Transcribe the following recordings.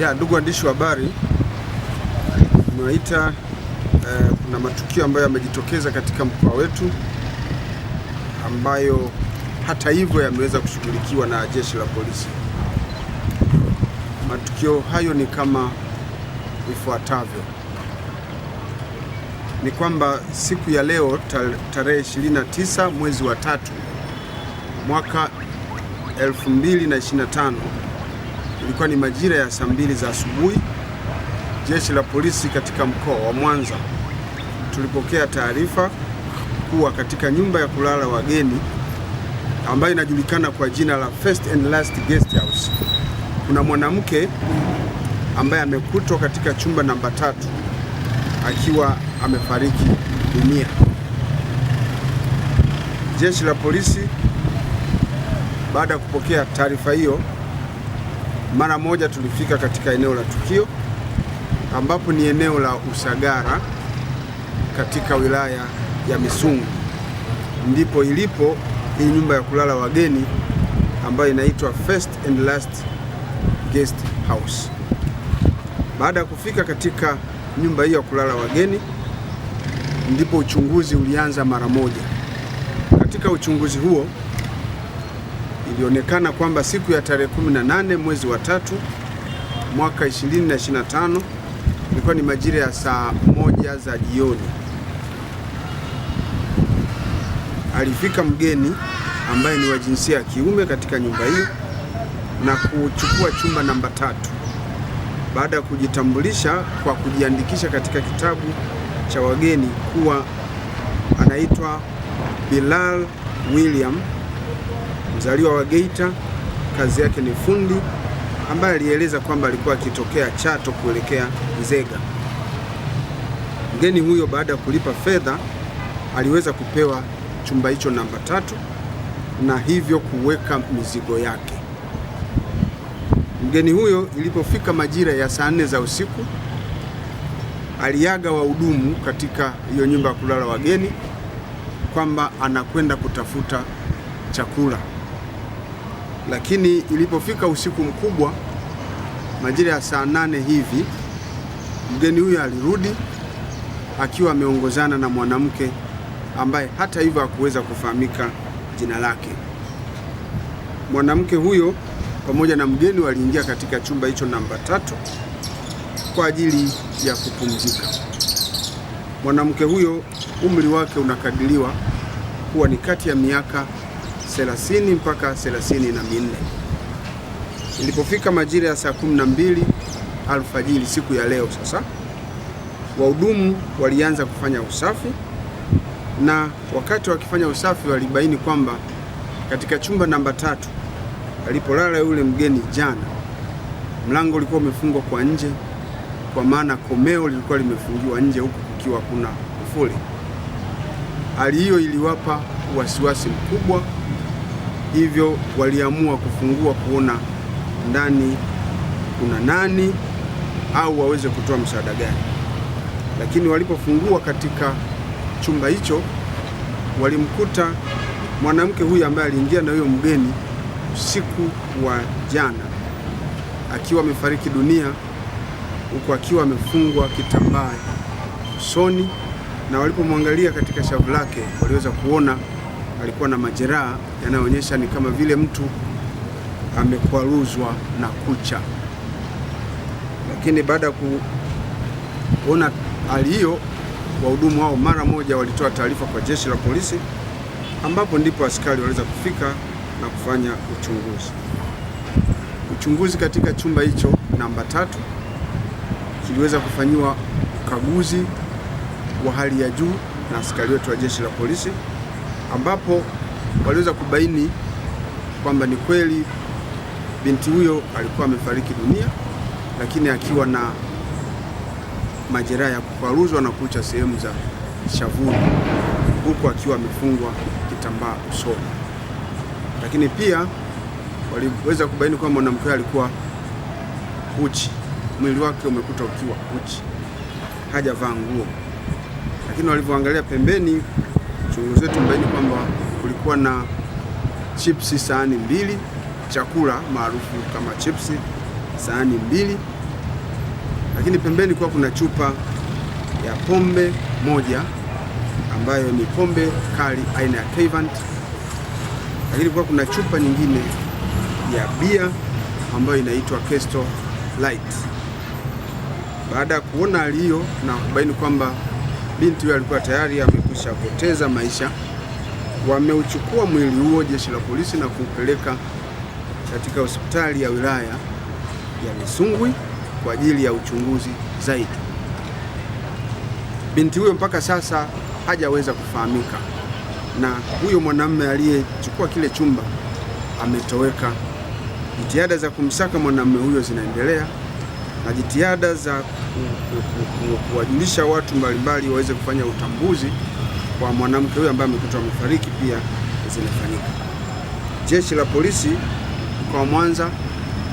Ya, ndugu waandishi wa habari, tumewaita eh, kuna matukio ambayo yamejitokeza katika mkoa wetu ambayo hata hivyo yameweza kushughulikiwa na jeshi la polisi. Matukio hayo ni kama ifuatavyo. Ni kwamba siku ya leo tarehe 29 mwezi wa tatu mwaka 2025 Ilikuwa ni majira ya saa mbili za asubuhi. Jeshi la polisi katika mkoa wa Mwanza tulipokea taarifa kuwa katika nyumba ya kulala wageni ambayo inajulikana kwa jina la First and Last Guest House kuna mwanamke ambaye amekutwa katika chumba namba tatu akiwa amefariki dunia. Jeshi la polisi baada ya kupokea taarifa hiyo mara moja tulifika katika eneo la tukio ambapo ni eneo la Usagara katika wilaya ya Misungu, ndipo ilipo hii nyumba ya kulala wageni ambayo inaitwa First and Last Guest House. Baada ya kufika katika nyumba hiyo ya kulala wageni, ndipo uchunguzi ulianza mara moja. Katika uchunguzi huo ilionekana kwamba siku ya tarehe 18 mwezi wa tatu mwaka 2025 ilikuwa ni majira ya saa moja za jioni, alifika mgeni ambaye ni wa jinsia ya kiume katika nyumba hiyo na kuchukua chumba namba tatu baada ya kujitambulisha kwa kujiandikisha katika kitabu cha wageni kuwa anaitwa Bilal William mzaliwa wa Geita, kazi yake ni fundi, ambaye alieleza kwamba alikuwa akitokea Chato kuelekea Nzega. Mgeni huyo baada ya kulipa fedha aliweza kupewa chumba hicho namba tatu na hivyo kuweka mizigo yake. Mgeni huyo ilipofika majira ya saa nne za usiku aliaga wahudumu katika hiyo nyumba ya kulala wageni kwamba anakwenda kutafuta chakula. Lakini ilipofika usiku mkubwa majira ya saa nane hivi, mgeni huyo alirudi akiwa ameongozana na mwanamke ambaye hata hivyo hakuweza kufahamika jina lake. Mwanamke huyo pamoja na mgeni waliingia katika chumba hicho namba tatu kwa ajili ya kupumzika. Mwanamke huyo umri wake unakadiriwa kuwa ni kati ya miaka 30 mpaka 34. Ilipofika majira ya saa 12 alfajiri siku ya leo sasa, wahudumu walianza kufanya usafi, na wakati wakifanya usafi walibaini kwamba katika chumba namba tatu alipolala yule mgeni jana, mlango ulikuwa umefungwa kwa nje, kwa maana komeo lilikuwa limefungiwa nje, huku kukiwa kuna kufuli. Hali hiyo iliwapa wasiwasi mkubwa hivyo waliamua kufungua kuona ndani kuna nani au waweze kutoa msaada gani. Lakini walipofungua katika chumba hicho, walimkuta mwanamke huyu ambaye aliingia na huyo mgeni usiku wa jana akiwa amefariki dunia, huku akiwa amefungwa kitambaa usoni, na walipomwangalia katika shavu lake waliweza kuona alikuwa na majeraha yanayoonyesha ni kama vile mtu amekwaruzwa na kucha, lakini baada ya kuona hali hiyo, wahudumu hao mara moja walitoa taarifa kwa jeshi la polisi, ambapo ndipo askari waliweza kufika na kufanya uchunguzi. Uchunguzi katika chumba hicho namba tatu kiliweza kufanyiwa ukaguzi wa hali ya juu na askari wetu wa jeshi la polisi ambapo waliweza kubaini kwamba ni kweli binti huyo alikuwa amefariki dunia, lakini akiwa na majeraha ya kukwaruzwa na kucha sehemu za shavuni, huku akiwa amefungwa kitambaa usoni. Lakini pia waliweza kubaini kwamba mwanamke alikuwa uchi, mwili wake umekuta ukiwa uchi, hajavaa nguo. Lakini walivyoangalia pembeni Uchunguzi wetu mbaini kwamba kulikuwa na chipsi sahani mbili, chakula maarufu kama chipsi sahani mbili, lakini pembeni kuwa kuna chupa ya pombe moja ambayo ni pombe kali aina ya Kevant, lakini kuwa kuna chupa nyingine ya bia ambayo inaitwa Kesto Light. Baada ya kuona hali hiyo na kubaini kwamba binti huyo alikuwa tayari kushapoteza maisha. Wameuchukua mwili huo jeshi la polisi na kuupeleka katika hospitali ya wilaya ya Misungwi kwa ajili ya uchunguzi zaidi. Binti huyo mpaka sasa hajaweza kufahamika, na huyo mwanamume aliyechukua kile chumba ametoweka. Jitihada za kumsaka mwanamume huyo zinaendelea na jitihada za kuwajulisha watu mbalimbali waweze kufanya utambuzi kwa mwanamke huyo ambaye amekutwa amefariki pia zinafanyika. Jeshi la polisi mkoa wa Mwanza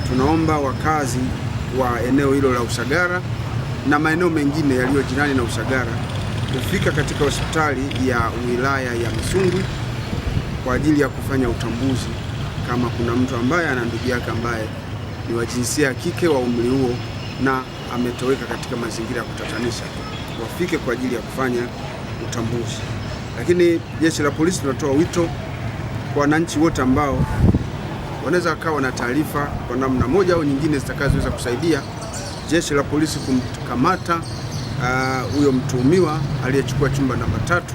tunaomba wakazi wa eneo hilo la Usagara na maeneo mengine yaliyo jirani na Usagara kufika katika hospitali ya wilaya ya Misungwi kwa ajili ya kufanya utambuzi kama kuna mtu ambaye ana ndugu yake ambaye ni wa jinsia ya kike wa umri huo na ametoweka katika mazingira ya kutatanisha, wafike kwa ajili ya kufanya utambuzi. Lakini jeshi la polisi tunatoa wito kwa wananchi wote ambao wanaweza wakawa na taarifa kwa namna moja au nyingine zitakazoweza kusaidia jeshi la polisi kumkamata uh, huyo uh, mtuhumiwa aliyechukua chumba namba tatu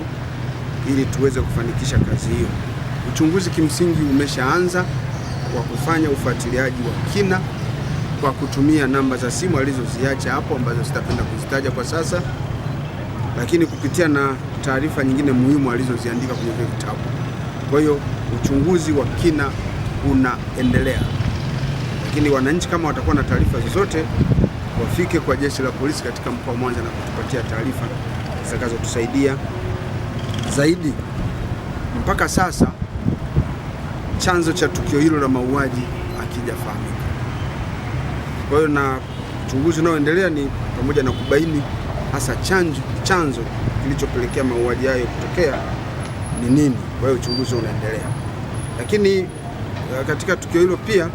ili tuweze kufanikisha kazi hiyo. Uchunguzi kimsingi umeshaanza kwa kufanya ufuatiliaji wa kina kwa kutumia namba za simu alizoziacha hapo ambazo sitapenda kuzitaja kwa sasa lakini kupitia na taarifa nyingine muhimu alizoziandika kwenye vile vitabu. Kwa hiyo uchunguzi wa kina unaendelea, lakini wananchi kama watakuwa na taarifa zozote wafike kwa jeshi la polisi katika mkoa wa Mwanza na kutupatia taarifa zitakazotusaidia zaidi. Mpaka sasa chanzo cha tukio hilo la mauaji hakijafahamika. Kwa hiyo na uchunguzi unaoendelea ni pamoja na kubaini hasa chanzo, chanzo kilichopelekea mauaji hayo kutokea ni nini. Kwa hiyo uchunguzi unaendelea, lakini eh, katika tukio hilo pia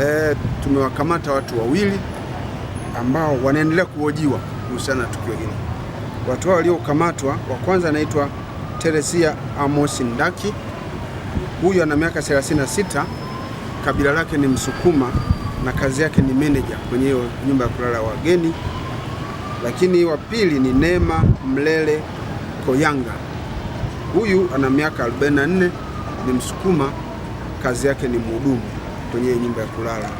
e, tumewakamata watu wawili ambao wanaendelea kuhojiwa kuhusiana na tukio hilo. Watu hao waliokamatwa, wa kwanza anaitwa Teresia Amos Ndaki, huyu ana miaka 36, kabila lake ni Msukuma na kazi yake ni meneja kwenye hiyo nyumba ya kulala wageni lakini wa pili ni Neema Mlele Koyanga. Huyu ana miaka 44, ni Msukuma, kazi yake ni mhudumu kwenye nyumba ya kulala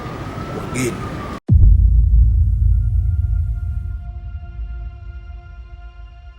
wageni.